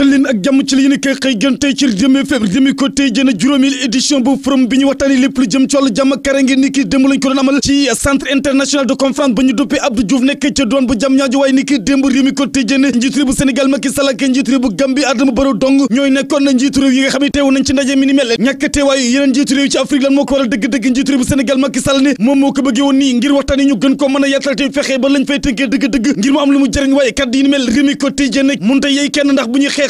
dalleen ak jàmm ci la yéen kay xëy gën tey ci Rewmi FM Rewmi ko tey jën juróomeel bu forum bi ñu waxtaanee lépp lu jëm ci wàllu jàmm karange ni ki démb lañ ko doon amal ci centre international de conférence ba ñu duppee Abdou Diouf nekk ca doon bu jàmm ñaajo waaye ni ki démb ko tey jën bu Sénégal Macky Sall ak bu Gambie Adama Barrow dong ñooy nekkoon na njiitu réew yi nga xam ne yeneen njiitu ci Afrique lan moo ko waral dëgg-dëgg njiitu bu Sénégal ñu gën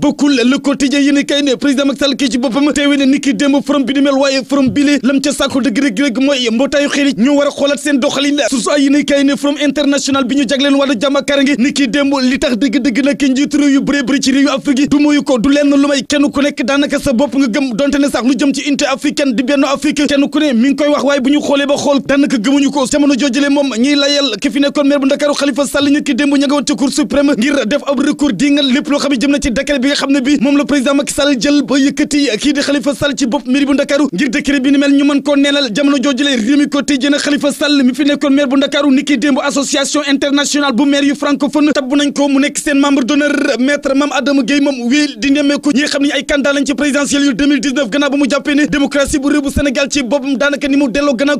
bokkul le quotidien yéen kay ne président Macky Sall kii ci boppam teewe ne niki démb forum mel waaye forum bi lam ca sàkku dëgg rek rek mooy mbootaayu xel ñu war a seen doxalin su su ay yéen ne forum international bi ñu jagleen wàllu jàmm ak karange niki démb li tax dëgg-dëgg nag njiitu réew yu bëree bëri ci réew yu Afrique du mooyu ko du lenn lu may kenn ku nekk daanaka sa bopp nga gëm donte ne sax lu jëm ci unité africaine loo xam ne bi nga xam ne bi moom la président Macky jël ba yëkkati kii di Khalifa Sall ci bopp mairie bu Ndakaaru ngir décret bi ni mel ñu mën koo neenal jamono joojule Rewmi Quotidien Khalifa Sall mi fi nekkoon maire bu Ndakaaru niki démb association internationale bu maire yu francophone tabbu ko mu nekk seen membre d'honneur maître Mame Adama Gueye moom wii di nemmeeku ñi xam ne ay candidat lañ ci présidentielle yu 2019 gannaaw ba mu jàppee bu mu delloo gannaaw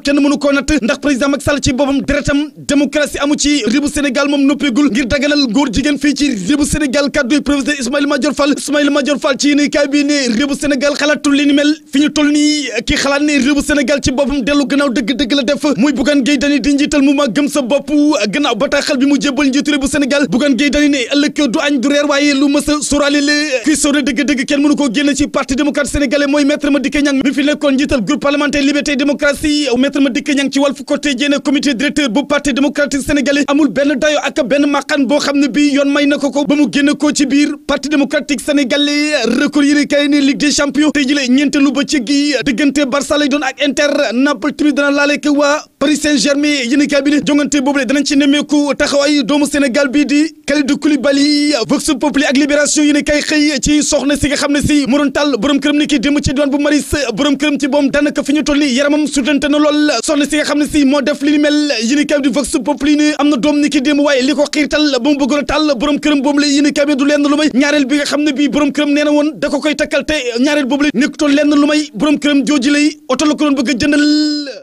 Madior Fall Ismaïla Madior Fall ci yéen kaay bi ne réewu Sénégal xalaatul li mel fi ñu toll ki xalaat ne réewu Sénégal ci boppam dellu gannaaw dëgg-dëgg la def muy Bougane Gueye Dany di njiital mu ma gëm sa bopp gannaaw bataaxal bi mu jébbal njiitu réewu Sénégal Bougane Gueye Dany ne ëllëg du añ du reer waaye lu mës a sóoraale la kuy sóore dëgg-dëgg kenn mënu koo ci parti démocrate sénégalais mooy maître Madické Niang mi fi nekkoon njiital groupe parlementaire liberté ne bi yoon may na ko ba mu génn pratique sénégalais yi record yi kay ni ligue des champions tey jëlee ñeenteelu bëccëg gi diggante Barça doon ak Inter Naples tamit dana laaleeg waa Paris Saint-Germain yéen kay bi ne jongante boobule danañ ci nemmeeku taxawaay doomu Sénégal bii di Kalidou Koulibaly Vox Populi ak Libération yéen kay xëy ci soxna si nga xam ne si mu doon borom këram ni ki ci diwaan bu Maris borom këram ci boom daanaka fi ñu toll yaramam sutante na lool soxna si nga xam ne si moo a taal borom këram boobu la xam ne bii borom këram nee na woon da ko koy takkal te ñaareel boobu la nekkutoon lenn lu may borom këram jooju lay oto la ko doon a